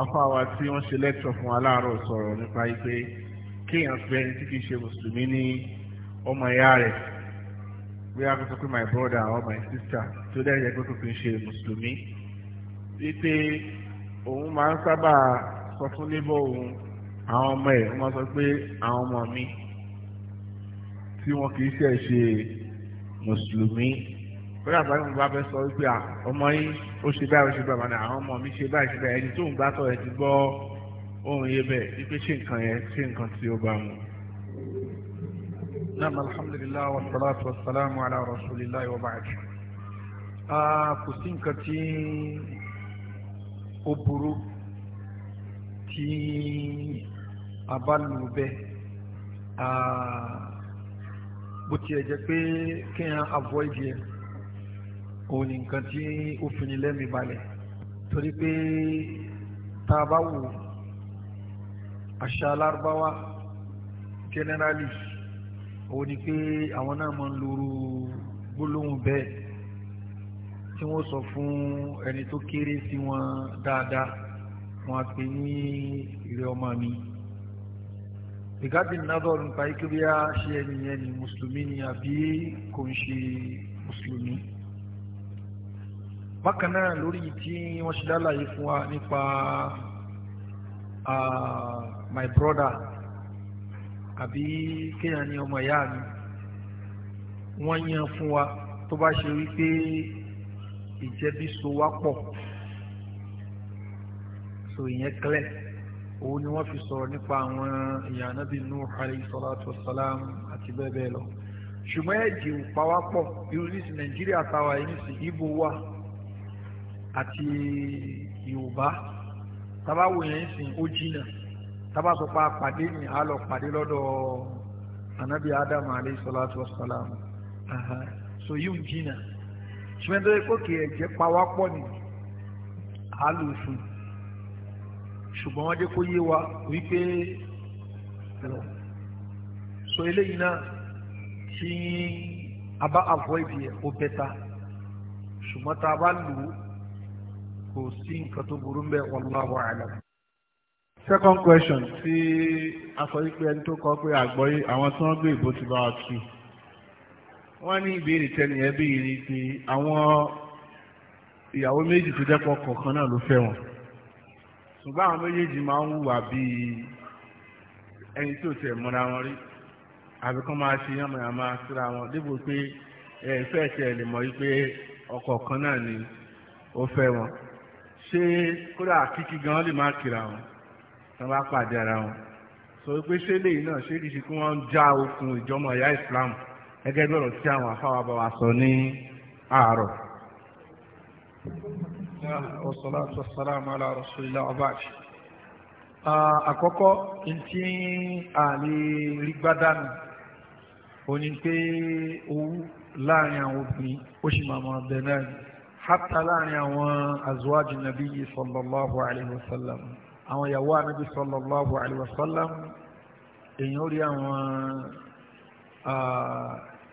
afáwa tí wọ́n ṣe lẹ́tọ̀ fún aláàárọ̀ sọ̀rọ̀ nípa pé kéèyàn fẹ́ ẹni tí kìí ṣe mùsùlùmí ní ọmọ ìyá rẹ̀ bí a kò sọ pé my brother or my sister tó dẹ́ yẹ pé kò kìí ṣe mùsùlùmí wípé òun máa ń sábà sọ fún níbọ̀ òun àwọn ọmọ ẹ̀ wọ́n máa sọ pé àwọn ọmọ mi tí wọ́n kìí ṣe ṣe mùsùlùmí kódà báyìí mo bá fẹ́ ọmọ yìí ó ṣe báyìí ó ṣe báyìí mọ̀nà àwọn ọmọ mi ṣe báyìí ṣe báyìí ẹni tó ń bá sọ ẹ ti gbọ́ ohun yẹn bẹ́ẹ̀ wípé ṣé nǹkan yẹn ṣé nǹkan tí ó bá mu. naam alhamdulilah wa salatu wa salamu ala rasulillah wa baad. kò sí nǹkan tí ó burú tí a bá lù bẹ́ẹ̀ bó tiẹ̀ jẹ́ pé kéèyàn avoid yẹn òun ni nǹkan tí ó fini lẹ́mìí balẹ̀ torí pé tá a bá wò àṣà alárúbáwá generally òun ni pé àwọn náà máa ń lóru gbólóhùn bẹ́ẹ̀ tí wọ́n sọ fún ẹni tó kéré sí wọn dáadáa wọn á pè ní ìrẹ́ ọmọ mi ìgádìí nádọ́ nípa ikú bí ṣe ẹni yẹn ni mùsùlùmí ni àbí kò ń ṣe mùsùlùmí bákan náà lórí tí wọ́n ṣe dálàyé fún wa nípa ah, my brother àbí kéèyàn ní ọmọ ìyá mi wọ́n yan fún wa tó bá ṣe wípé ìjẹ́bí so wá pọ̀ so ìyẹn clear òun ni wọ́n fi sọ̀rọ̀ nípa àwọn èèyàn anábì Nuh alayhi salatu wassalam àti bẹ́ẹ̀ bẹ́ẹ̀ lọ ṣùgbọ́n ẹ̀jẹ̀ ò pa wá pọ̀ irú ní sí Nàìjíríà táwa yìí ní sí ibo wà àti yorùbá tábà wò yẹn sìn ó jìnnà tábà sọ pé àpàdé ni a lọ pàdé lọ́dọ̀ anabi adam alayhi salatu wa salam so yóò jìnnà ṣùgbọ́n tó yẹ kó kì í ẹ̀jẹ̀ ni a lò fún ṣùgbọ́n wọ́n jẹ́ kó yé wa wípé so eléyìí náà tí a bá avoid yẹ ó bẹ́ta ṣùgbọ́n tá a bá lò ó kò sí nǹkan tó burú mbẹ wallahu alam. second question tí afọyípe ẹni tó kọ pé àgbọ̀yé àwọn tí wọ́n gbé ìbò ti bá wa tù wọ́n ní ìbéèrè tẹ́lẹ̀ yẹn bí ìrìn pé àwọn ìyàwó méjì tó jẹ́ pọ̀ kọ̀ọ̀kan náà ló fẹ́ wọn ṣùgbọ́n àwọn méjèèjì máa ń hùwà bíi ẹni tí ò tẹ̀ mọ́ra wọn rí àbí kán máa ṣe yánmọ̀yánmọ́ síra wọn débò pé ẹ̀ẹ́fẹ́ tẹ̀ lè mọ̀ wípé ọkọ kan náà ni ó fẹ́ wọn ṣé kódà kíkí gan lè máa kiri àwọn tán bá pàdé ara wọn sọ pé ṣé lẹ́yìn náà ṣé kìí ṣe kí wọ́n já okùn ìjọmọ ìyá Islam gẹ́gẹ́ bí ọ̀rọ̀ tí àwọn afáwa bá wa sọ ní àárọ̀. wasalaatu wasalaamu ala rasulillah abaji àkọ́kọ́ ntí àlè rígbádánù òní pé owó láàrin àwọn obìnrin ó sì máa máa bẹ náà hatta láàrin àwọn azuwájú nàbí yìí sallallahu alayhi wa sallam àwọn ìyàwó ànábì sallallahu alayhi wa sallam èèyàn rí àwọn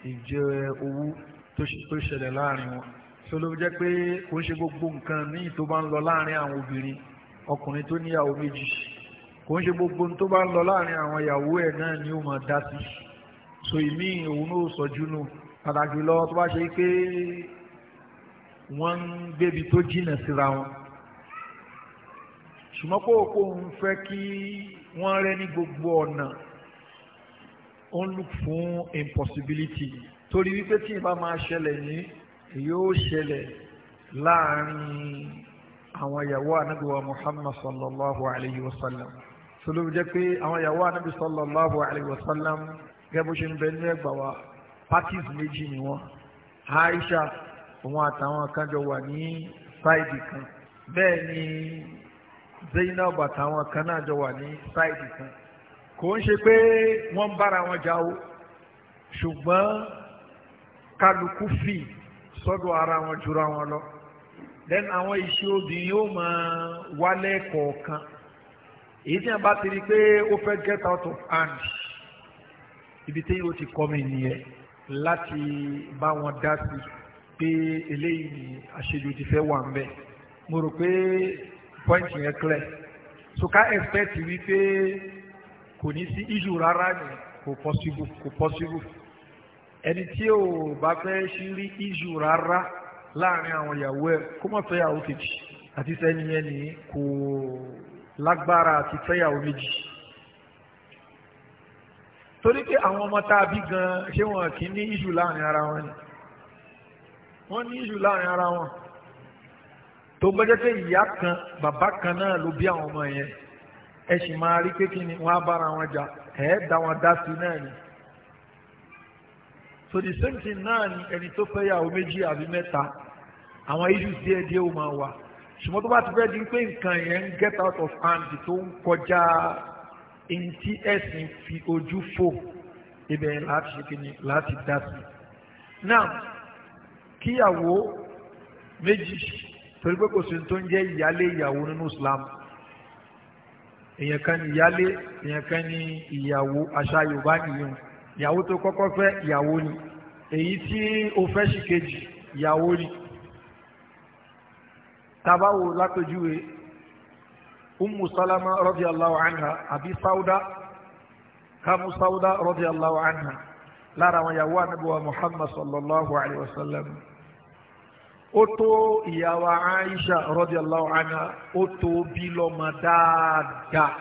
ìjẹ owó tó ṣẹlẹ̀ láàrin wọn tó ló jẹ́ pé kò ń ṣe gbogbo nǹkan ní tó bá ń lọ láàrin àwọn obìnrin ọkùnrin tó níyàwó méjì kò ń ṣe gbogbo tó bá ń lọ láàrin àwọn ìyàwó ẹ̀ náà ni ó máa dá sí so ìmí òun náà sọ júnú pàtàkì lọ tó bá ṣe pé wọ́n ń gbébi tó jìnnà síra wọn ṣùgbọ́n kó o kó ń fẹ́ kí wọ́n rẹ́ ní gbogbo ọ̀nà ó ń look fún impossibility torí wípé tí ìbá máa ṣẹlẹ̀ ní yóò ṣẹlẹ̀ láàrin àwọn ìyàwó ànábì wa Muhammad sallallahu alayhi wa sallam sọlọ́ jẹ́ pé àwọn ìyàwó ànábì sallallahu alayhi wa sallam gẹ́gẹ́ bó ṣe ń bẹ ní ẹgbàá wa parties méjì ni wọ́n Aisha òun àtàwọn kan jọ wà ní sáìdì kan bẹ́ẹ̀ ni Zainab àtàwọn kan náà jọ wà ní sáìdì kan kò ń ṣe pé wọ́n ń bára wọn jà ṣùgbọ́n kálukú fì sọ́dọ̀ ara wọn jura wọn lọ then àwọn iṣẹ́ obìnrin yóò máa wálẹ̀ kọ̀ọ̀kan èyí tí wọn bá ti rí pé ó fẹ́ get out of hand ibi tí yóò ti kọ́ mi nìyẹn láti bá wọn dá sí i pé eléyìí àṣejù ti fẹ́ wà ń bẹ̀ mo rò pé point yẹn clear so ká expect wípé kò ní sí issue rárá ni kò possible kò possible ẹni tí ò bá fẹ́ ṣí rí issue rárá láàrin àwọn ìyàwó ẹ kó má fẹ́ yàwó kejì àti sẹ́ni yẹn ni kò lágbára àti fẹ́yàwó méjì torí pé àwọn ọmọ tá a bí gan ṣé wọn kì í ní issue láàrin ara wọn ni wọ́n ní ìṣù láàrin ara wọn tó gbẹ́jẹ́ pé ìyá kan bàbá kan náà ló bí àwọn ọmọ yẹn ẹ sì máa rí pé kí ni wọ́n á bára wọn jà ẹ̀ dá wọn dá sí náà ni so the same thing náà ni ẹni tó fẹ́ yàwó méjì àbí mẹ́ta àwọn issues díẹ̀ díẹ̀ ó máa wà ṣùgbọ́n tó bá ti fẹ́ di pé nǹkan yẹn ń get out of hand tó ń kọjá ẹni tí ẹ̀sìn fi ojú fò ibẹ̀ láti ṣe kí láti dá sí. now kíyàwó méjì torí pé kò sí tó ń jẹ́ ìyálé ìyàwó nínú Islam èèyàn kan ní ìyálé èèyàn kan ní ìyàwó àṣà Yorùbá nìyẹn ìyàwó tó kọ́kọ́ fẹ́ ìyàwó ni èyí tí o fẹ́ sí kejì ìyàwó ni tabawo lápèjúwe ummu salama radiyallahu anha àbí sauda kamu sauda radiyallahu anha lára àwọn ìyàwó ànábì Muhammad sallallahu alayhi wa sallam ó tó ìyàwó Aisha radiyallahu anha ó tó bí lọ́mọ dáadáa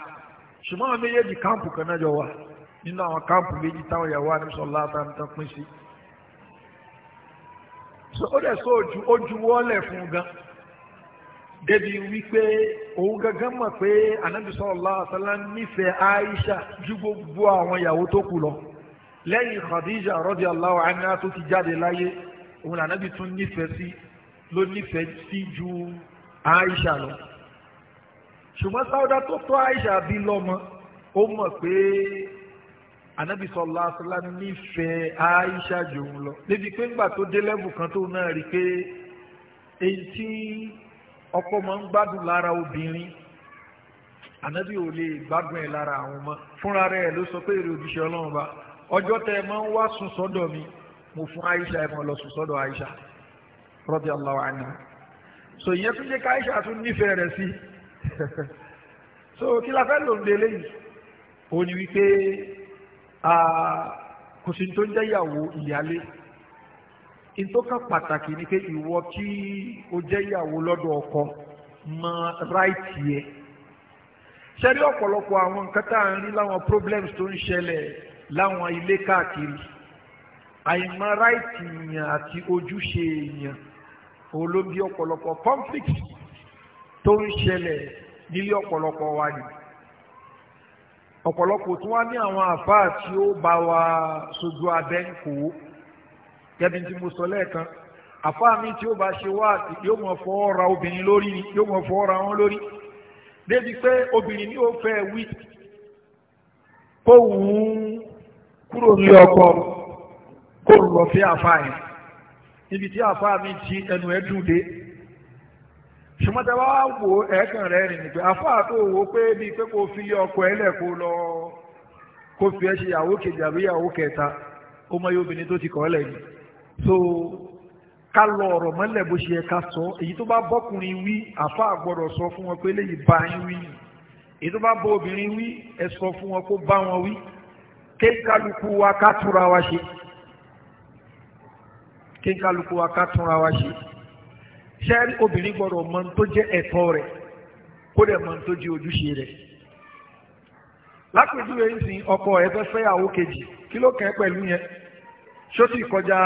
ṣùgbọ́n àwọn méjèèjì káàmpù kan náà jọ wà nínú àwọn káàmpù méjì táwọn ìyàwó àdúsọ̀lá àtàntàn pín sí. ó dẹ̀ sọ ojú wọ́lẹ̀ fún un gan débi wípé òun gangan mọ̀ pé ànábìsọ̀lá àtàlá nífẹ̀ẹ́ Aisha ju gbogbo àwọn ìyàwó tó kù lọ lẹ́yìn Khadija radiyallahu anha tó ti jáde láyé òun làǹdàbì tún nífẹ̀ẹ́ sí ló nífẹ̀ẹ́ sí ju Aisha lọ ṣùgbọ́n sáwọ́dá tó tó Aisha bí lọ́mọ ó mọ̀ pé anabi sọlá sọlá nífẹ̀ẹ́ Aisha jòun lọ débi pé ńgbà tó dé lẹ́bù kan tó náà rí pé èyí tí ọkọ máa ń gbádùn lára obìnrin anabi ò lè gbádùn ẹ̀ lára àwọn ọmọ fúnra rẹ̀ ló sọ pé èrè òjíṣẹ́ ọlọ́run bá ọjọ́ tẹ ẹ máa ń wá sùn sọ́dọ̀ mi mo fún Aisha ẹ máa lọ sùn sọ́dọ̀ Aisha radiyallahu anha so ìyẹn tún jẹ́ káyíṣà tún nífẹ̀ẹ́ rẹ̀ sí so kí la fẹ́ lò ń délé yìí òun ni wípé kò sí tó ń jẹ́ ìyàwó ìyálé ìtọ́kàn pàtàkì ni pé ìwọ kí o jẹ́ ìyàwó lọ́dọ̀ ọkọ mọ ráìtì yẹ ṣẹ́rí ọ̀pọ̀lọpọ̀ àwọn nǹkan tá à ń rí láwọn problems tó ń ṣẹlẹ̀ láwọn ilé káàkiri àìmọ ráìtì yẹn àti ojúṣe yẹn òun ló bí ọ̀pọ̀lọpọ̀ conflict tó ń ṣẹlẹ̀ nílé ọ̀pọ̀lọpọ̀ wa ni ọ̀pọ̀lọpọ̀ tí wọ́n ní àwọn àfáà tí ó bá wa sojú abẹ́ ń kó gẹ́bí tí mo sọ lẹ́ẹ̀kan àfáà mi tí ó bá ṣe wá àti yóò mọ̀ fọ́ ra obìnrin lórí ni yóò mọ̀ fọ́ ra wọn lórí débi pé obìnrin ni ó fẹ́ wí kó wù ú kúrò ní ọkọ kó lọ fẹ́ àfáà yẹn níbi tí àfáà mi ti ẹnu ẹ dùn dé ṣùgbọ́n tẹ bá wo ẹ̀ẹ̀kan rẹ̀ rìn nípa àfáà tó wò ó pé bíi pé kò fi ọkọ ẹ lẹ̀ kó lọ kó fi ẹ ṣe ìyàwó kejì àbí ìyàwó kẹta ó mọ iye tó ti kọ́ lẹ̀ ni so ká lọ ọ̀rọ̀ mọ́lẹ̀ bó ṣe yẹ ká sọ èyí tó bá bọ́kùnrin wí àfáà gbọ́dọ̀ sọ fún wọn pé léyìí bá yín wí èyí tó bá bọ́ obìnrin wí ẹ sọ fún wọn kó bá wọn wí kéńkálukú wa ká túra wa ṣe kí n kálukú wa ká túnra wa ṣe ṣé obìnrin gbọ́dọ̀ mọ tó jẹ́ ẹ̀tọ́ rẹ̀ kó dẹ̀ mọ tó jẹ́ ojúṣe rẹ̀ lápèjúwe ń sin ọkọ ẹ fẹ́ fẹ́yàwó kejì kí ló kẹ́ pẹ̀lú yẹn ṣó sì kọjá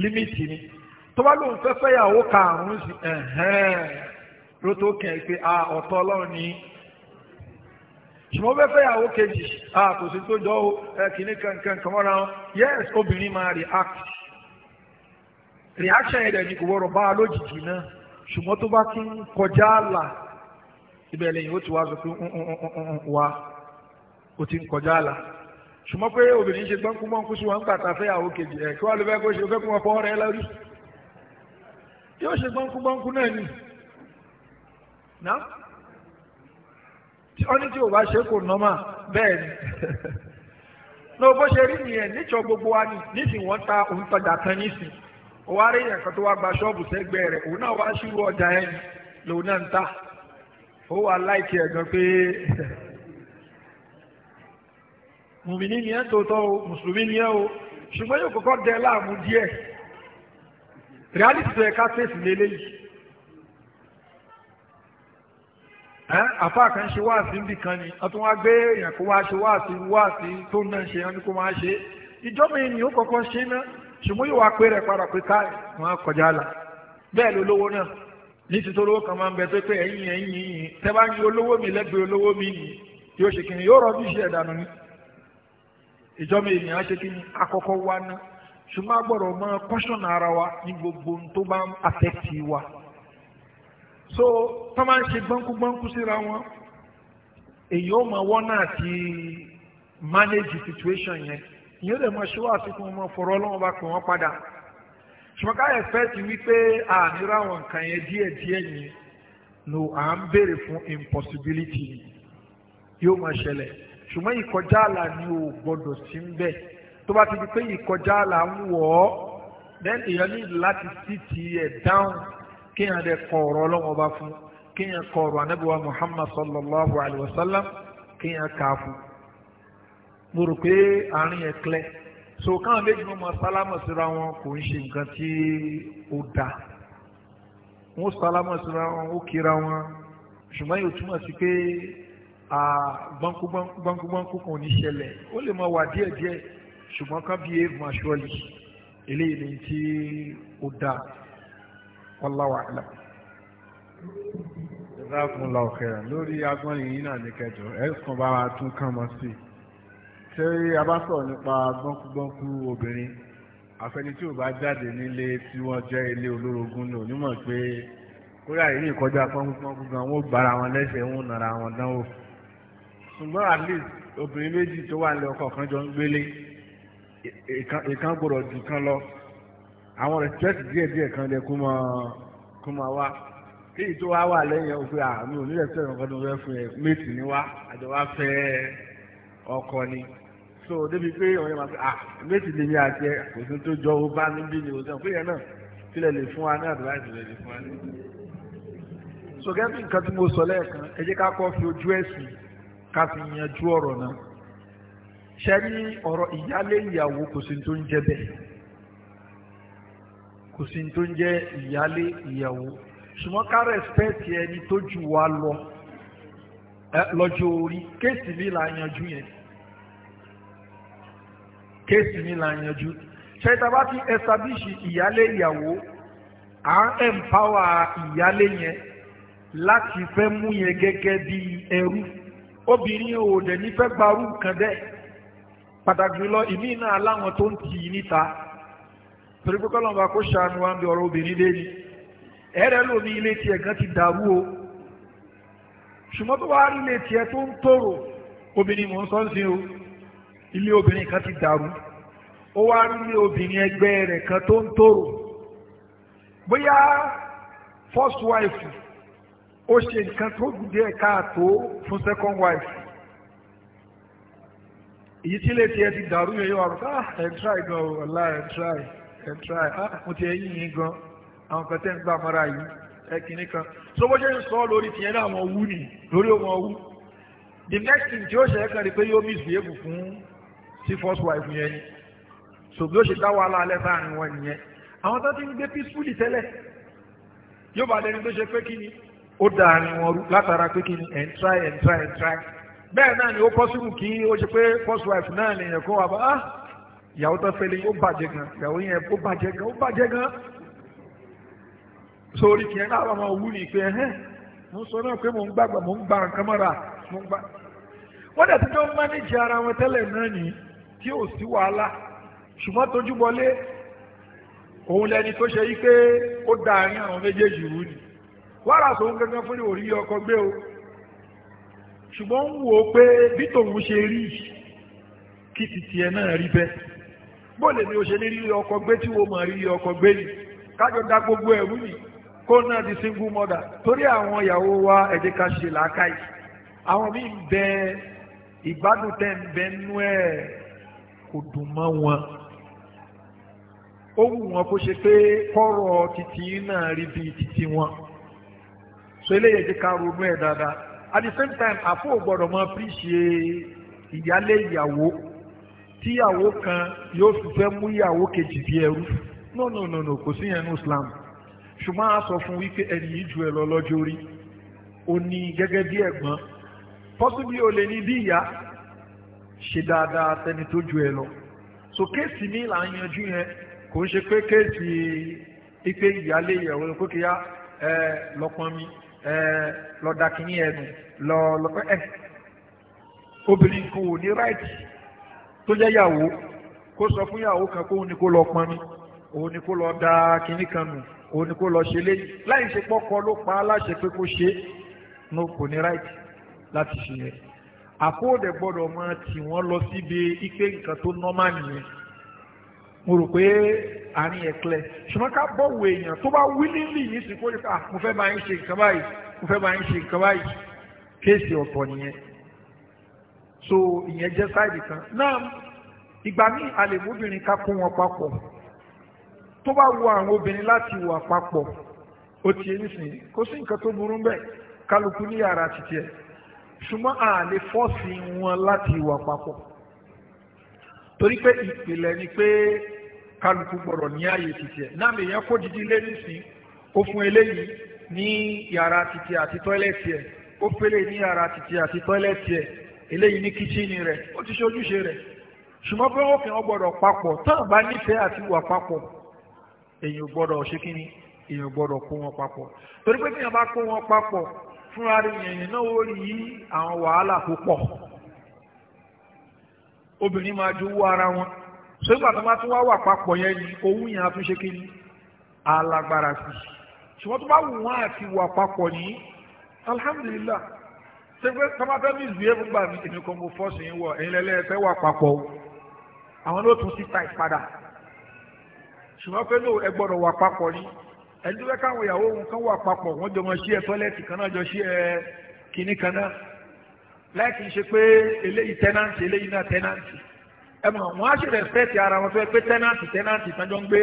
límìtì ni tó bá lóun fẹ́ fẹ́yàwó karùn-ún sí ẹ̀hẹ́n ló tó kẹ́ pé a ọ̀tọ̀ ọlọ́run ni ṣùgbọ́n fẹ́ fẹ́yàwó kejì a tó jọ ẹ kìíní kankan mọ́ra wọn yes obìnrin máa react reaction yẹn dẹ̀ ni kò wọ́rọ̀ bá a lójijì náà ṣùgbọ́n tó bá ti ń kọjá àlà ibẹ̀ lẹ́yìn ó ti wá sọ pé wa ó ti ń kọjá àlà ṣùgbọ́n pé obìnrin ṣe gbọ́n kú mọ́ kú sí wọn gbàtà fẹ́ àwọn kejì ẹ̀ kí wọ́n lè fẹ́ kó ṣe fẹ́ kó wọn fọ́ rẹ lórí yóò ṣe gbọ́n kú gbọ́n kú náà ni ná tí wọ́n ní tí ò bá ṣe kò nọ́mà bẹ́ẹ̀ ni náà bó ṣe rí nìyẹn níjọ gbogbo wa ni nísìnyí wọ́n ta òun tajà kan nísìnyí ó wá rí èèyàn kan tó wá gba ṣọ́ọ̀bù sẹ́gbẹ̀ẹ́ rẹ̀ òun náà wá ṣírú ọjà yẹn lòun náà ń tà ó wà láìkí ẹ̀ gan pé mùmíní ni ẹ́ tòótọ́ o mùsùlùmí ni ẹ́ o ṣùgbọ́n yóò kọ́kọ́ dẹ láàmú díẹ̀ reality tó yẹ ká fèsì lélẹ́yìí àfáà kan ṣe wáàsí níbi kan ni wọ́n tún wá gbé èèyàn kó wá ṣe wáàsí wáàsí tó náà ṣe wọ́n ní kó máa ṣe ìjọba ènìyàn kọ́kọ́ ṣe náà ṣùgbọ́n yóò wá pé rẹ̀ padà pé káì wọ́n á kọjá la bẹ́ẹ̀ ló lówó náà ní ti tolówó kan máa ń bẹ pé pé ẹ̀yìn ẹ̀yìn yìnyín tẹ́ bá ń yí olówó mi lẹ́gbẹ̀ẹ́ olówó mi yìí yóò ṣe kìnnìún yóò rọ́bí iṣẹ́ ìdànù ni ìjọba ènìyàn ṣe kí ni akọ́kọ́ wá ná ṣùgbọ́n a gbọ́dọ̀ mọ kọ́ṣọ̀nà ara wa ní gbogbo ohun tó bá ń afẹ́tì wa so tó máa ń ṣe gbọ́nkúgbọ́nkú síra wọn èyí ó mọ wọ́n náà ti manage situation yẹn ìyẹn lè mọ ṣé wá sí fún ọmọ fọ̀rọ̀ ọlọ́run bá pè wọ́n padà ṣùgbọ́n ká ẹ̀fẹ́ ti wí pé àníra àwọn nǹkan yẹn díẹ̀díẹ̀ yẹn no à ń béèrè fún impossibility yóò máa ṣẹlẹ̀ ṣùgbọ́n ìkọjá àlà ni ò gbọ́dọ̀ sí ń bẹ̀ tó bá ti di pé ìkọjá àlà ń wọ̀ ọ́ then èèyàn ní láti sí ti ẹ̀ dáhùn kéèyàn dẹ̀ kọ ọ̀rọ̀ ọlọ́run ọba fún kéèyàn kọ ọ̀rọ̀ anábìwá Muhammad sallallahu alayhi wa sallam kéèyàn kà á fún mo rò pé àárín ẹ̀ klẹ́ so káwọn méjì mọ́ mọ́ sálámọ̀ síra wọn kò ń ṣe nǹkan tí ó da wọ́n sálámọ̀ síra wọn ó kíra wọn ṣùgbọ́n yóò túmọ̀ sí pé gbọ́nkúgbọ́nkú kan ò ní ṣẹlẹ̀ ó lè máa wà díẹ̀díẹ̀ ṣùgbọ́n ká bí èèmù aṣọ́ọ̀lì eléyìí ni tí ó da wallahu a'lam. ìdáàbùn la ọ̀kẹ́rẹ̀ lórí agbọ́n yìí náà ní kẹjọ ẹ̀ kàn bá wa tún kàn mọ́ sí i ṣé a bá sọ̀rọ̀ nípa gbọ́nkúgbọ́nkú obìnrin àfẹni tí ò bá jáde nílé tí wọ́n jẹ́ ilé olórogún ni onímọ̀ pé kóyà yìí ní ìkọjá pọ́nkúpọ́nkú gan wọ́n bára wọn lẹ́sẹ̀ ń nara wọn dánwò ṣùgbọ́n at least obìnrin méjì tó wà ní ọkọ kan jọ ń gbélé ìkan gbọ́dọ̀ jù kan lọ àwọn respect díẹ̀díẹ̀ kan lẹ kó mọ kó mọ wá èyí tó wá wà lẹ́yìn òfin àmì òní respect kan fẹ́ fún ẹ méjì ni wá àjọ wá fẹ́ ọkọ ni so débi pé òun yẹn máa sọ ah méjì lèmi àti ẹ kò sí tó jọ ó bá níbí ni òun pé yẹn náà tilẹ̀ lè fún wa ní àdúráìsì lè fún wa ní. so gẹ́gẹ́ nǹkan tí mo sọ lẹ́ẹ̀kan ẹ jẹ́ ká kọ́ fi ojú ẹ̀sìn ká fi yanjú ọ̀rọ̀ náà ṣe ní ọ̀rọ̀ ìyálé ìyàwó kò sí tó ń jẹ bẹ́ẹ̀ kò sí tó ń jẹ ìyálé ìyàwó ṣùgbọ́n ká rẹ̀spẹ́tì ẹni tó jù wá lọ lọ́jọ́ orí kéèsì mi là yanjú yẹn kéèsì mi là ń yanjú ṣẹ́ta bá ti ẹ́sàbíṣì ìyálé ìyàwó à ń ẹ̀mpáwà ìyálé yẹn láti fẹ́ mú yẹn gẹ́gẹ́ bí ẹrú obìnrin ò dẹ̀ ní fẹ́ gbarú nǹkan dẹ́ pàtàkì lọ ìmí náà láwọn tó ń tì níta torí pé kọ́lọ́mù bá kó ṣàánú wa ń bí ọ̀rọ̀ obìnrin dé ni ẹ̀rẹ́ lómi ilé tiẹ̀ gan ti dàrú o ṣùgbọ́n tó wá rí ilé tiẹ̀ tó ń tòrò obìnrin mò ń sọ́nsìn o ilé obìnrin kan ti dàrú ó wá rí ilé obìnrin ẹgbẹ́ rẹ̀ kan tó ń tòrò bóyá first wife ó ṣe nǹkan tó gùn díẹ̀ káàtó fún second wife èyí tí ilé tiẹ̀ ti dàrú yẹn yóò wà rọ̀ ah ẹ̀ ń try gan o ọ̀la ẹ̀ ń try ẹ̀ ń try ah mo ti ẹ̀yìn yín gan àwọn kan tẹ́ ń gbà mọ́ra yìí ẹ̀ kìíní kan so bó ṣe ń sọ lórí tiẹ̀ náà wọ́n wú ni lórí wọn wú the next thing tí ó ṣe é kan rí pé yóò misbehave fún sí first wife yẹn ni so bí ó ṣe dá wàhálà alẹ́ sáàrin wọn nìyẹn àwọn tó ti ń gbé peacefully tẹ́lẹ̀ yóò bá lẹni tó ṣe pé kí ni ó da àárín wọn rú látara pé kí ni ẹ̀ try and try and try bẹ́ẹ̀ náà ni ó possible kí ó ṣe pé first wife náà ni ẹ̀kọ́ wa bá ah, ìyàwó tó fẹ́ lé ó bàjẹ́ gan ìyàwó yẹn ó bàjẹ́ gan ó bàjẹ́ gan so orí kìí náà wà máa wú ni pé ẹ̀hẹ́ mo sọ náà pé mo ń gbàgbà mo ń gba nǹkan mọ́ra mo ń gbà wọ́n dẹ̀ ti jọ manage ara wọn tẹ́lẹ̀ náà nìyí tí ò sí wàhálà ṣùgbọ́n tójúbọlé òun lẹni tó ṣe wípé ó da àárín àwọn méjèèjì rú ni wàrà sóhun gangan fún orí ọkọ gbé o ṣùgbọ́n ń wò ó pé bí tòun ṣe rí kí tìtì ẹ náà rí bẹ́ẹ̀ bó lèmi ò ṣe ní rí ọkọ gbé tí wo mọ̀ rí ọkọ gbé ni kájọ da gbogbo ẹ̀rú ni kó náà di single mother torí àwọn ìyàwó wa ẹ ká ṣe làákàyè àwọn míì ń bẹ ìgbádùn tẹ̀ ń bẹ nú ẹ̀ kò dùn mọ́ wọn ó wù wọn kó ṣe pé kọ́rọ̀ títí náà rí bíi títí wọn so eléyìí ti ká ronú ẹ̀ dáadáa at the same time àpò gbọ́dọ̀ mọ píṣe ìyálé ìyàwó tíyàwó kan yóò fi fẹ́ mú ìyàwó kejì bí ẹrú no no no no kò sí yẹn ní Islam ṣùgbọ́n a sọ fún wípé ẹni yìí ju ẹ lọ lọ́jọ́ orí ó ní gẹ́gẹ́ bí ẹ̀gbọ́n possibly ó lè ní bí ìyá ṣe dáadáa tẹni tó ju ẹ lọ so kéèsì mi là ń yanjú yẹn kò ń ṣe pé kéèsì ipe ìyálé ìyàwó pé kí á ẹ lọpọn mi ẹ lọdà kìíní ẹnu lọ lọpẹ ẹ obìnrin kan ò ní ráìtì tó jẹ́ yàwó kó sọ fún yàwó kan kó òun ni kó lọ pọn mi òun ni kó lọ da kìíní kan nù òun ni kó lọ ṣe léyìí láì ṣe pọ́kọ ló pa á láṣẹ pé kó ṣe é kò ní ráìtì láti ṣe yẹn àkóòdè gbọ́dọ̀ máa tì wọ́n lọ síbi ike nǹkan tó nọ́mà nìyẹn mo rò pé àárín ẹ̀ clear ṣùgbọ́n ká bọ̀wọ̀ èèyàn tó bá willingly yìí sì kó nípa mo fẹ́ máa ń ṣe nǹkan báyìí mo fẹ́ máa ń ṣe nǹkan báyìí kéèsì ọ̀tọ̀ nìyẹn so ìyẹn jẹ́ sáìdì kan náà ìgbà míì a lè móbìnrin ká kó wọn papọ̀ tó bá wo àwọn obìnrin láti wà papọ̀ ó ti ẹ́ nísìnyí kó sí nǹkan tó burú bẹ́ẹ̀ kálukú ní yàrá títí ẹ̀ ṣùgbọ́n a lè fọ́ọ̀sì wọn láti wà papọ̀ torí pé ìpìlẹ̀ ni pé kálukú gbọ́dọ̀ ní ààyè títí ẹ̀ náà èèyàn kó dídí lé nísìn ó fún eléyìí ní yàrá títí àti tọ́ẹ́lẹ̀tì ẹ̀ ó fẹ́lẹ̀ ní yàrá títí àti tọ́ẹ́lẹ̀tì ẹ̀ eléyìí ní kíchìnì rẹ̀ ó ti ṣe ojúṣe rẹ̀ ṣùgbọ́n pé wọ́n fi wọn gbọ́dọ̀ papọ̀ táwọn bá nífẹ̀ẹ́ àti wà papọ̀ èèyàn gbọ́dọ̀ ṣe kíni èèyàn gbọ́dọ̀ kó wọn papọ̀ torí pé téèyàn bá kó wọn papọ̀ fúnra rẹ̀ yẹn náà ó rí àwọn wàhálà púpọ̀ obìnrin máa jowó ara wọn sọ́gbà tó máa tún wá wà papọ̀ yẹn ni òun yẹn á tún ṣe kí ni alágbára sí i ṣùgbọ́n tó bá wù wọ́n àti wà papọ̀ ní alhamdulillah ṣẹgbẹ́ tọ́mátẹ́ mi zùú ẹ̀fún gbà mí èmi kan mo fọ́ọ̀sì yín wọ̀ ẹ̀yin lẹ́lẹ́ wà papọ̀ o àwọn ló tún síta ìpadà ṣùgbọ́n pé ló ẹ gbọ́dọ̀ wà papọ̀ ní ẹni tó fẹ́ káwọn ìyàwó òun kan wà papọ̀ wọ́n jọ mọ sí ẹ tọ́lẹ́tì kan náà jọ sí ẹ kínní kan náà láì kì í ṣe pé eléyìí tẹ́nàǹtì eléyìí náà tẹ́nàǹtì ẹ mọ̀ wọ́n á ṣe rẹ̀spẹ̀tì ara wọn fẹ́ pé tẹ́nàǹtì tẹ́nàǹtì tán jọ ń gbé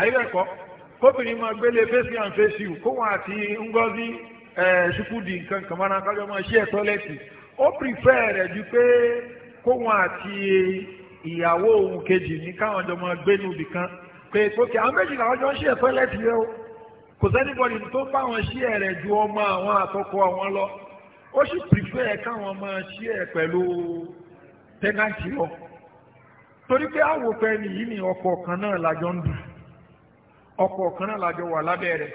ayélujáfẹ́ kóbìnrin máa gbélé fèsì à ń fèsì kóhun àti Ngozi ṣukudi nǹkan kan mọ́ra kájọ máa ṣí ẹ̀ tọ́lẹ́tì ó pìfẹ́ rẹ̀ ju pé kóhun àti ìyàwó òun kejì ní káwọn jọ máa gbénu bìkan pé tókè àwọn méjìlá ọjọ́ ń ṣe ẹ̀fẹ́ lẹ́tì rẹ o kò sẹ́nìbọ̀dì tó bá wọn ṣí ẹ̀ rẹ̀ ju ọmọ àwọn àtọkọ àwọn lọ ó sì pìfẹ́ káwọn máa ṣí ẹ̀ pẹ̀lú tẹ́nàntì lọ torí pé àwòfẹ́ nìyí ni ọkọ̀ kan náà lájọ ń dùn ọkọ̀ kan náà lájọ wà lábẹ́ rẹ̀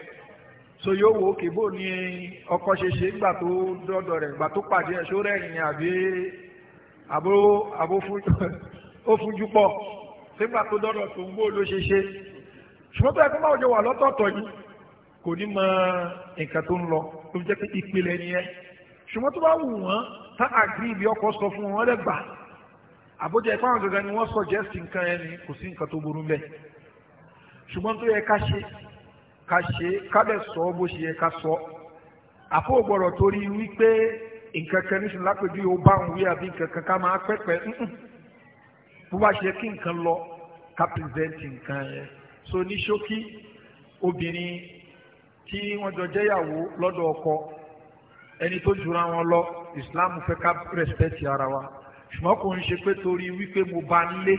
so yóò wò ó kébò ní ọkọ̀ ṣeṣe gbà tó dọ́dọ̀ rẹ̀ gbà tó pàdé ẹ̀ sórẹ́rìn àbí àbó àbó fúnjú pọ̀ sígbà tó dọ́dọ̀ tó ń gbó ló ṣe ṣe ṣùgbọ́n tó yẹ kó máa jọ wà lọ́tọ̀ọ̀tọ̀ yìí kò ní mọ nǹkan tó ń lọ tó jẹ́ pé ìpìlẹ̀ nìyẹn ṣùgbọ́n tó bá wù wọ́n tá àgbí ibi ọkọ̀ sọ fún wọn lè gbà àbójá ipá wọn ni wọ́n suggest nǹkan ẹni kò sí nǹkan tó burú bẹ́ẹ̀ ṣùgbọ́n tó yẹ ká ṣe ká ṣe ká bẹ̀ sọ bó ṣe yẹ ká sọ àpò gbọ́dọ̀ torí wípé nǹkan kan níṣìṣẹ́ bó bá ṣe kí nǹkan lọ ká pírẹsẹ̀ntì nǹkan yẹn so ní ṣókí obìnrin tí wọ́n jọ jẹ́yàwó lọ́dọ̀ ọkọ ẹni tó jura wọn lọ islam fẹ́ ká rẹ́spẹ̀tì ara wa ṣùgbọ́n kò ń ṣe pé torí wípé mo bá ń lé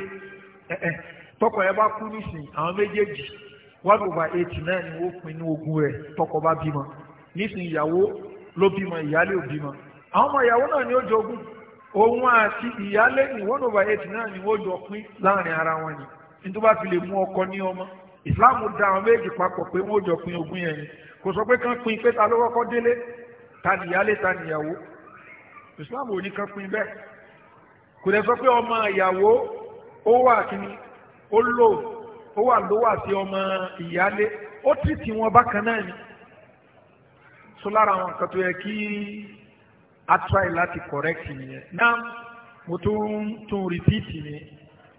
ẹ̀ẹ́ tọkọ ẹ bá kú nísìnyí àwọn méjèèjì one over eight náà ni wọ́n pin ní ogún rẹ̀ tọkọ bá bímọ nísìnyí ìyàwó ló bímọ ìyálé ò bímọ àwọn ọmọ ìyàwó náà ni ó jogún òun àti ìyálé ní one over eight náà ni wọ́n jọ pín láàrin ara wọn ni nítorí wọ́n fi lè mú ọkọ ní ọmọ islam dá àwọn méjì papọ̀ pé wọ́n jọ pín ogún yẹn ni kò sọ pé kán pín pé ta ló kọ́kọ́ délé ta nìyálé ta nìyàwó islam ò ní kán pín bẹ́ẹ̀ kò dẹ̀ sọ pé ọmọ ìyàwó ó wà kíni ó lò ó wà lówà sí ọmọ ìyálé ó tì wọn bákan náà ni sọ lára àwọn kan tó yẹ kí. I try láti correct nìyẹn Now, mo tún tún repeat ni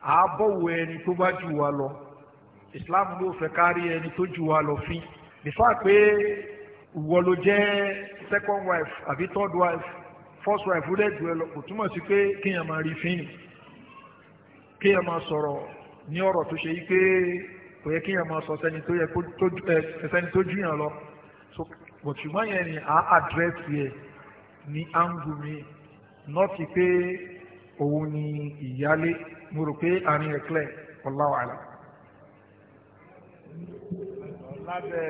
a bọ̀wọ̀ ẹni tó bá jù wá lọ Islam ló fẹ́ kárí ẹni tó jù wá lọ fín bífà pé ìwọ ló jẹ́ second wife àbí third wife first wife ó lẹ́jọ́ ẹ lọ kò túmọ̀ sí pé kéèyàn máa rí fín ni kéèyàn máa sọ̀rọ̀ ní ọ̀rọ̀ tó ṣe yí pé kò yẹ kéèyàn máa sọ sẹ́ni tó yẹ sẹ́ni tó jù yàn lọ so bọ̀tùmọ̀ yẹn ni à á address yẹn ní áńgù mi nọ́ọ̀tì pé òun ni ìyálé mo rò pé àárín rẹ̀ clear wallahu alam. lábẹ́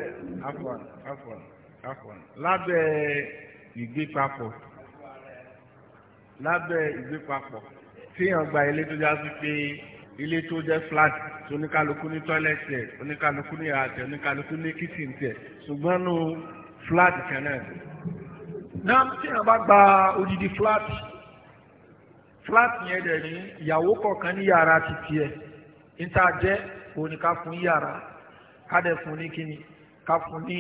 afwan afwan afwan lábẹ́ ìgbépapọ̀ lábẹ́ ìgbépapọ̀ tíyàn gba ilé tó já sí pé ilé tó jẹ́ flat oníkálukú ní tọ́lẹ̀tì ẹ̀ oníkálukú ní yàrá tẹ̀ oníkálukú ní kìtìn tẹ̀ ṣùgbọ́n nù flat kan na tí wọ́n bá gba odidi flat flat yẹn dẹ̀ ní ìyàwó kọ̀ọ̀kan ní yàrá títí ẹ̀ níta jẹ́ fún yàrá ká fún ní kíni ká fún ní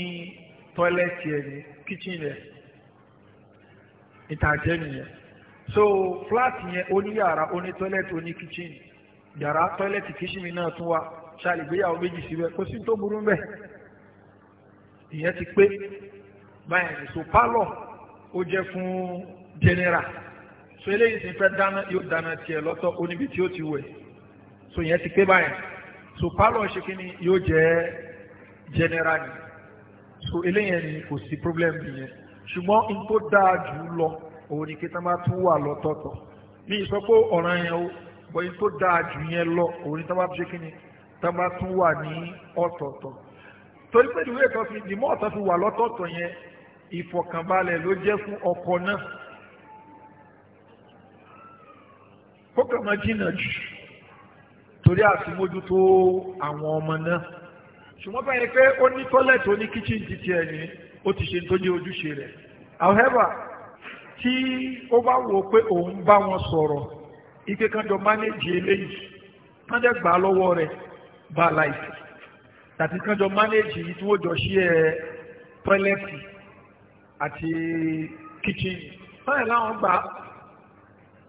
tọ́ẹ̀lẹ̀tì ẹ̀ ní kíchìn ẹ̀ níta jẹ́ nìyẹn so flat yẹn ó yara yàrá ó kíchìn yàrá tọ́ẹ̀lẹ̀tì kíchìn mi náà tún wà ṣàlìgbéyàwó méjì síbẹ̀ kò sí tó burú mbẹ̀ ìyẹn ti pé báyìí so pálọ̀ ó jẹ́ fún general so eléyìí sì fẹ́ dáná yóò dáná tiẹ̀ lọ́tọ̀ oníbi tí ó ti wẹ̀ so yẹn ti pé báyìí so pálọ̀ ṣe kí ni yóò jẹ́ general ni so eléyìí ni kò sí problem yẹn ṣùgbọ́n n tó dáa jù lọ òun ni kí tá máa tún wà lọ́tọ̀ọ̀tọ̀ mi sọ pé ọ̀ràn yẹn o bọ́yìn tó dáa jù yẹn lọ òun ni tá máa ṣe kí ni tá tún wà ní ọ̀tọ̀ọ̀tọ̀ torí pé ìwé ìtọ́ fi ọ̀tọ̀ fi wà lọ́tọ̀ọ̀tọ̀ yẹn ìfọ̀kànbalẹ̀ ló jẹ́ fún ọkọ náà kókà máa jìnnà jù torí àtìmójútó àwọn ọmọ náà ṣùgbọ́n báyìí pé ó ní tọ́lẹ̀tì ó ní kíchìn títí ẹ̀ ó ti ṣe tó ojúṣe rẹ̀ however tí ó bá wò pé òun bá wọn sọ̀rọ̀ ike kan jọ manage eléyìí wọ́n dẹ̀ gbà á lọ́wọ́ rẹ̀ bá láìsí tàbí kan jọ manage yìí tí wọ́n jọ ṣí ẹ̀ tọ́lẹ̀tì àti kitchen báyìí láwọn gbà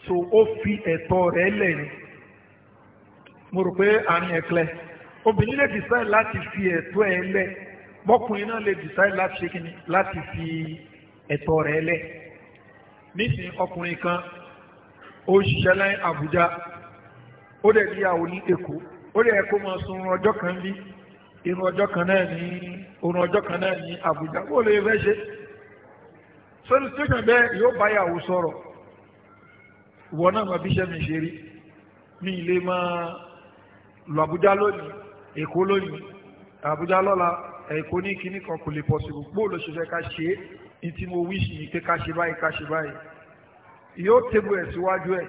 so ó fi ẹ̀tọ́ rẹ̀ lẹ̀ ni mo rò pé àárín ẹ̀klẹ́ obìnrin lè decide láti fi ẹ̀tọ́ ẹ̀ lẹ̀ bọ́kùnrin náà lè decide láti ṣe kíni láti fi ẹ̀tọ́ rẹ̀ lẹ̀ nísìnyí ọkùnrin kan ó ṣiṣẹ́ láyé Àbújá ó dẹ̀ níyàwó ní Èkó ó dẹ̀ kó máa sun ọjọ́ kan bí irun ọjọ́ kan náà ní orun ọjọ́ kan náà ní Àbújá ó lè fẹ́ ṣe sọ́dún tó kàn bẹ́ẹ̀ yóò bá yàwó sọ̀rọ̀ ìwọ náà máa bíṣẹ́ mi ṣe rí mi ilé máa lọ Àbújá lónìí Èkó lónìí Àbújá lọ́la Èkó ní kíní kan kò lè pọ̀ sí gbogbo olóṣèlú ká ṣe é ní tí mo wíṣì ní pé ká ṣe báyìí ká ṣe báyìí yóò tẹ́bù ẹ̀ síwájú ẹ̀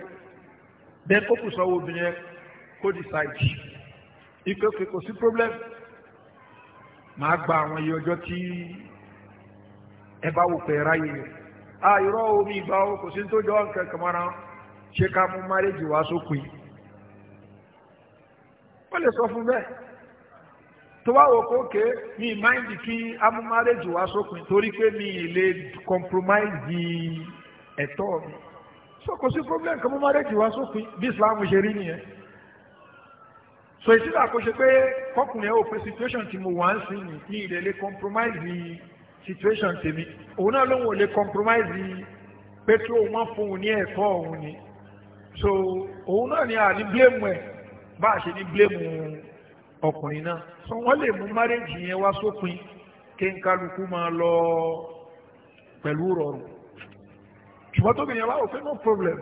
bẹ́ẹ̀ kó kù sọ́wọ́ obìnrin ẹ kó decide ìpè kò sí problem màá gba àwọn iye ọjọ́ tí ẹ bá wò pé ráyè ni a irọ́ omi ìgbà o kò sí tó jọ nǹkan kan mọ́ra ṣé ká mú márẹ́jì wá sópin wọ́n lè sọ fún bẹ́ẹ̀ tó wá wò kó ké mi máìndì kí a mú márẹ́jì wá sópin torí pé mi ì lè compromise ẹ̀tọ́ mi so kò sí problem kan mú márẹ́jì wá sópin bí Islam ṣe rí nìyẹn so ìsìlẹ̀ àkóso pé kọkùnrin ẹ̀ ò pé situation tí mo wà ń sìn ní ìdẹ̀lẹ̀ compromise yìí situation tèmi òun náà lóun ò lè compromise pé kí òun má fún un ní ẹ̀tọ́ òun ni so òun náà ni àní blame ẹ̀ bá a ṣe ní blame ọkùnrin náà so wọ́n lè mú marriage yẹn wá sópin kí n kálukú máa lọ pẹ̀lú rọrùn ṣùgbọ́n tóbi yẹn wá òfin no problem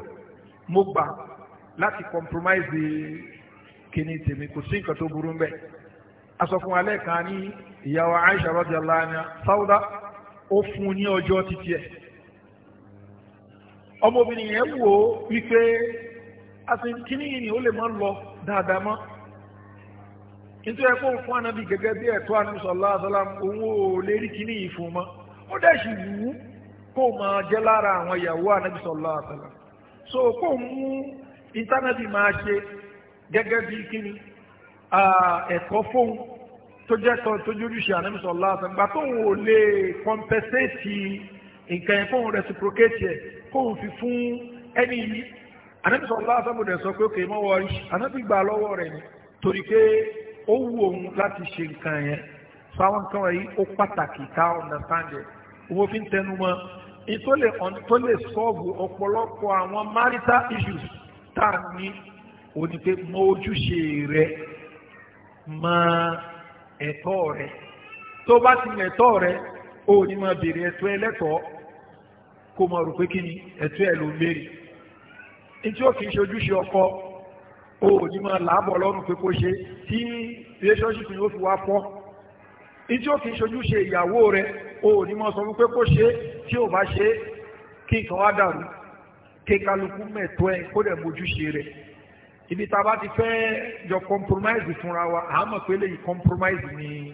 mo gbà láti compromise kí ni tèmi kò sí nǹkan tó burú bẹ́ẹ̀. aṣọ fún alẹ́ kan ní ìyàwó Aisha radiyallahu anha Sauda ó fún ní ọjọ́ títí ẹ̀ ọmọbìnrin yẹn wò ó wípé asìnkíní ni ó lè máa lọ dáadáa mọ́ nítorí ẹ̀kọ́ fún anábì gẹ́gẹ́ bí ẹ̀tọ́ ànúṣọ̀lá àṣọlám òun ò lè fún mọ́ ó dẹ̀ sì wù kó máa jẹ́ lára àwọn so kó mú ìtànàbì máa ṣe gẹ́gẹ́ bí ẹ̀kọ́ fóun tó jẹ́ kan tó júrìṣì ànámísọ̀ lásán gbà tóun ò lè kọ́mpẹ́sẹ̀tì nǹkan yẹn kóun reciprocate yẹ kóun fi fún ẹni yìí ànámísọ̀ lásán mo dẹ̀ sọ pé kèé mọ́ wọrí ànábì gbà lọ́wọ́ rẹ̀ ni torí pé ó wù òun láti ṣe nǹkan yẹn sọ àwọn nǹkan wọ̀nyí ó pàtàkì ká understand yẹ owó fi ń tẹnu mọ́ tó lè tó lè sọ́ọ̀bù ọ̀pọ̀lọpọ̀ àwọn marital issues tá a ní òní pé mọ ojúṣe rẹ̀ ma ẹ̀tọ́ rẹ tó bá ti ẹ̀tọ́ rẹ o ní máa béèrè ẹ̀tọ́ ẹlẹ́tọ̀ọ́ kó máa rò pé kí ni ẹ̀tọ́ ẹ ló ń béèrè ní tí ó fi ṣojúṣe ọkọ o ní máa làábọ̀ lọ́rùn pé kó ṣe tí relationship ni ó fi wá fọ́ ní tí ó fi ṣojúṣe ìyàwó rẹ o ní máa sọ fún pé kó ṣe tí ò bá ṣe kí nǹkan wá dàrú kí kálukú mẹ̀tọ́ ẹ kó dẹ̀ mójúṣe rẹ̀ ibi tá a bá ti fẹ́ jọ compromise fúnra wa à á mọ̀ pé lèyí compromise ni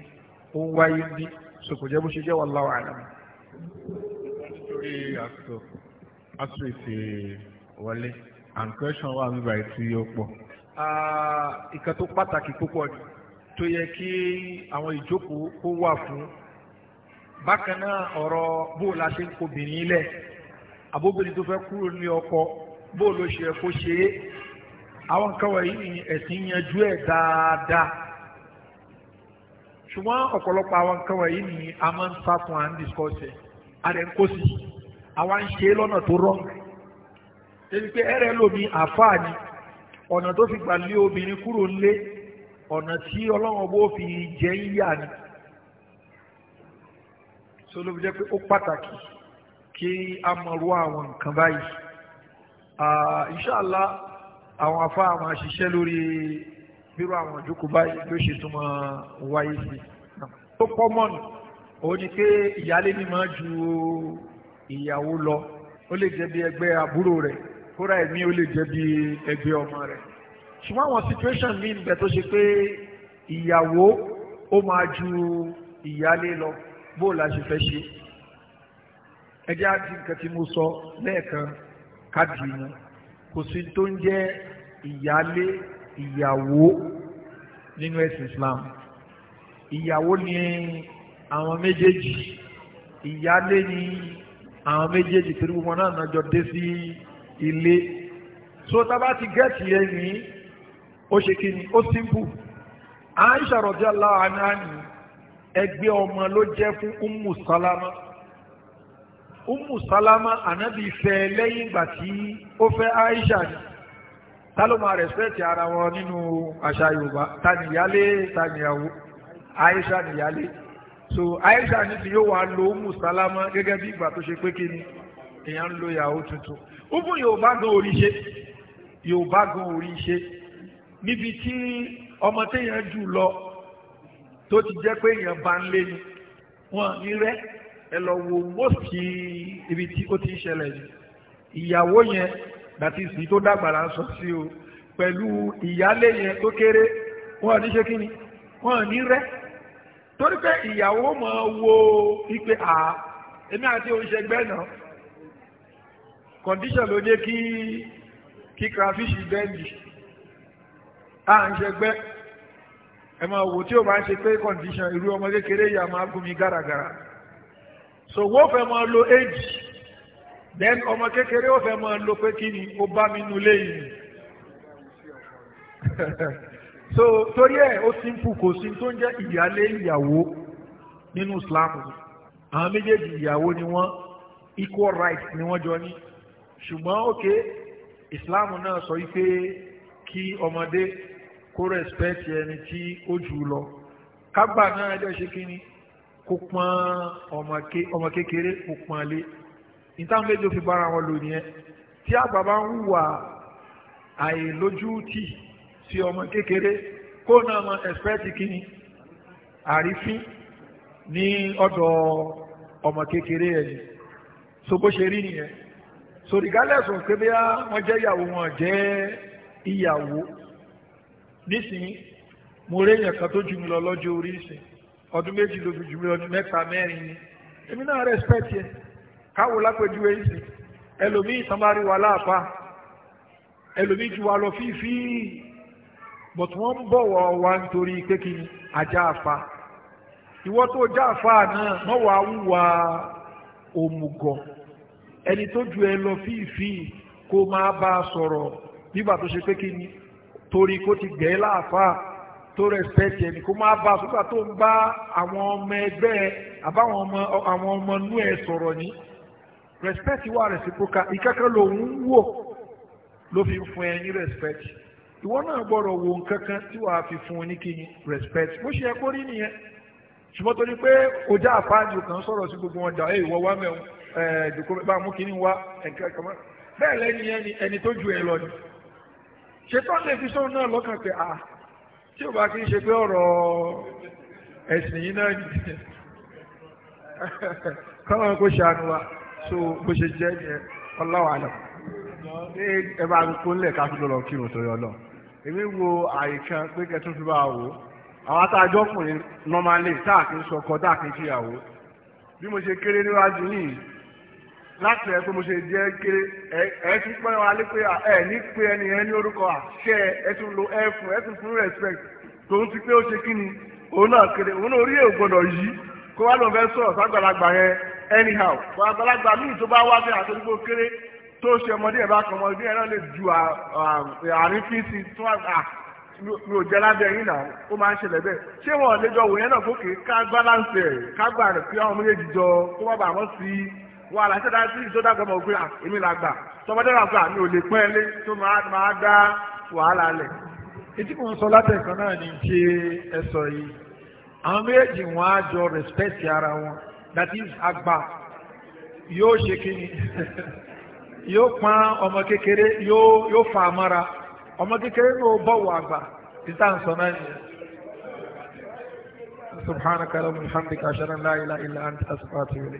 ó ń wáyé ní sòkòjẹ́ bó ṣe jẹ́ wallahu a'lam. nítorí àtò àtò ètè wọlé and question wà nígbà tí ó pọ̀. ìkan tó pàtàkì púpọ̀ tó yẹ kí àwọn ìjókòó kó wà fún bákan náà ọ̀rọ̀ bó la ṣe ń kó obìnrin lẹ̀ àbóbìnrin tó fẹ́ kúrò ní ọkọ bó ló ṣe kó ṣe é àwọn nǹkan wọ̀nyí ẹ̀sìn yanjú ẹ̀ dáadáa ṣùgbọ́n ọ̀pọ̀lọpọ̀ àwọn nǹkan wọ̀nyí ni a máa ń sá fún à ń discuss ẹ̀ àrẹ̀ ń ṣe lọ́nà tó wrong débi pé ẹ̀rẹ̀ lómi àfáà ni ọ̀nà tó fi gbà lé obìnrin kúrò lé ọ̀nà tí ọlọ́run bó fi jẹ́ ń yà ni sọlọ́ fi jẹ́ pé ó pàtàkì kí a mọ̀rú àwọn nǹkan báyìí ah, àwọn afá àwọn àṣìṣe lórí bírò àwọn ìjókòó báyìí ló ṣe tún máa wáyé sí tó pọ́ mọ́nù òun ni pé ìyálé ni máa ju ìyàwó lọ ó lè jẹ́ bí ẹgbẹ́ àbúrò rẹ̀ kóra ẹ̀mí ó lè jẹ́ bí ẹgbẹ́ ọmọ rẹ̀ ṣùgbọ́n àwọn situation míì ń tó ṣe pé ìyàwó ó máa ju ìyálé lọ bó o la ṣe fẹ́ ṣe ẹjẹ́ àti nǹkan tí mo sọ lẹ́ẹ̀kan káàdì mú kò sí tó ń jẹ́ ìyálé ìyàwó nínú ẹ̀sìn Islam ìyàwó ni àwọn méjèèjì ìyálé ni àwọn méjèèjì torí gbogbo náà nàjọ dé sí ilé so tábà ti gẹ́ẹ̀tì yẹn ó ṣe kí ni ó simple Aisha radiyallahu anha ẹgbẹ́ ọmọ ló jẹ́ fún Ummu Salama umu Salama ànábì fẹ́ lẹ́yìn ìgbà tí ó fẹ́ Aisha ni ta ló máa rẹ̀spẹ̀tì ara wọn nínú àṣà yorùbá ta ni ìyálé ta ni ìyàwó aisha ni ìyálé so aisha ní ti yóò wá lo musalama gẹ́gẹ́ bí ìgbà tó ṣe pé kí ni èèyàn ń lo ìyàwó tuntun ó fún yorùbá gan orí ṣe yorùbá gan orí ṣe níbi tí ọmọ téèyàn jù lọ tó ti jẹ́ pé èèyàn bá ń lé ni wọn ní rẹ́ ẹ lọ wo mọ́sì ibi tí ó ti ń ṣẹlẹ̀ yìí ìyàwó yẹn dàtí sí tó dàgbà là ń sọ sí o pẹ̀lú ìyálé yẹn tó kéré wọ́n ní ṣe kíni wọ́n ní rẹ́ torí pé ìyàwó máa wo ipe à èmi àti oníṣègbè náà condition ló dé kí kí crayfish bẹ́ẹ̀lì à ń ṣẹgbẹ́ ẹ máa wò tí o bá ń ṣe pé condition irú ọmọ kékeré yà máa gún mi gàràgàrà so wọ́n fẹ́ máa lo age then ọmọ kékeré ó fẹ́ máa lo pé kí ni ó bá mi nu léyìn so torí ẹ̀ ó simple kò sí tó ń jẹ́ ìyálé ìyàwó nínú Islam àwọn méjèèjì ìyàwó ni wọ́n equal rights ni wọ́n jọ ní ṣùgbọ́n òkè Islam náà sọ wípé kí ọmọdé kó respect ẹni tí ó jù lọ kágbà náà ẹjọ́ ṣe kí ni kó pọ́n ọmọ kékeré kó pọ́n lé ìtàn méjì fi bára wọn lò nìyẹn tí àgbà bá ń hùwà àìlójútì sí ọmọ kékeré kó náà mọ ẹ̀spẹ́tì kínní àrífín ní ọ̀dọ̀ ọmọ kékeré ẹ̀ ni so bó ṣe rí nìyẹn so regardless of pé bóyá wọ́n jẹ́ ìyàwó wọn jẹ́ ìyàwó nísìnyí mo rí èèyàn kan tó jù mí lọ lọ́jọ́ orí ìsìn ọdún méjì ló ọdún mẹ́ta mẹ́rin ni èmi náà respect yẹn káwo lápẹjúwe sí ẹlòmí ìtànbárí wa láàpá ẹlòmí ju wa lọ fífí bọ̀tù wọ́n ń bọ̀wọ̀ wa nítorí pé kí ni ajá àfa ìwọ tó já àfa náà mọ́wàá wúwa òmùgọ̀ ẹni tó ju ẹ lọ fífí kó máa bá a sọ̀rọ̀ nígbà tó ṣe pé kí ni torí kó ti gbẹ́ láàfáà tó rẹ̀spẹ̀tì ẹni kó máa bá a sọ́gbà tó ń bá àwọn ọmọ ẹgbẹ́ àbáwọn ọmọ inú ẹ sọ̀rọ̀ ní respect wa reciprocal ìkẹ́kẹ́ lòun ń wò ló fi fún ẹ ní respect ìwọ náà gbọ́dọ̀ wo nǹkan tí wàá fi fún un ní kí ni respect bó ṣe yẹ kó rí nìyẹn ṣùgbọ́n torí pé ọjà àpáàjù kan sọ̀rọ̀ sí gbogbo wọn dà ẹ ìwọ wá mẹ́wọ́n ẹ dùkọ́ bá mú kínní wá ẹ̀ka ẹ̀ka mọ́ bẹ́ẹ̀ lẹ́ni yẹn ni ẹni tó ju ẹ lọ ni ṣètò ọ̀nà ìfisọ́n náà lọ́kàn pé à tí ò bá kí n ṣe pé ọ̀rọ̀ ẹ̀sìn yìí náà ni kọ́lọ́n kó ṣàánú wa so bó ṣe jẹ́ ni ọlọ́wà lọ ní ẹ bá ń kúnlẹ̀ ká tó lọ kírun tó yọ lọ èmi wo àìkan pé kẹtún fi bá wò àwọn atájọ́ ọkùnrin normally táà kì í sọkọ táà kì í fìyàwó bí mo ṣe kéré níwájú yìí láti ẹ pé mo ṣe jẹ́ kéré ẹ tún pẹ́ wọn alẹ́ pé ẹ ní pé ẹni ẹ ní orúkọ àṣẹ ẹ tún lo ẹ fún ẹ tún fún respect tòun ti pé ó ṣe kí ni òun náà kéré òun náà orí èò gbọdọ̀ yìí kó wá lóun fẹ́ sọ̀rọ̀ ságbàlagbà yẹn anyhow bọ àgbàlagbà míì tó bá wá fẹ́ àtọ́júgbò kéré tó ṣe ọmọdé ẹ̀ bá kọ ọmọ ẹbí ẹ̀ náà lè ju àárín fíìsì tó àgbà mi ò jẹ́ lábẹ́ yín náà ó máa ń ṣẹlẹ̀ bẹ́ẹ̀ ṣé wọn lè jọ wò yẹn náà fókè ká balance ẹ̀ ká gbà rẹ̀ pé àwọn méjèèjì jọ kó má bàa mọ́ sí i wà láti ṣẹ́dá sí ìṣọ́dá gbọmọ òfin à èmi là gbà tọmọdé là gbà mi ò lè pẹ́ lé tó máa dá wàhálà lẹ̀. etí kò ń sọ látẹ̀kọ́ náà ní ti ẹ yìí àwọn méjèèjì wọn á jọ respect ara wọn that is Agba. yóò ṣe kíni yóò pọ́n ọmọ kékeré yóò fà á mọ́ra ọmọ kékeré ló bọ̀wọ̀ àgbà títà ń sọ náà nìyẹn. سبحانك اللهم وبحمدك اشهد ان لا اله الا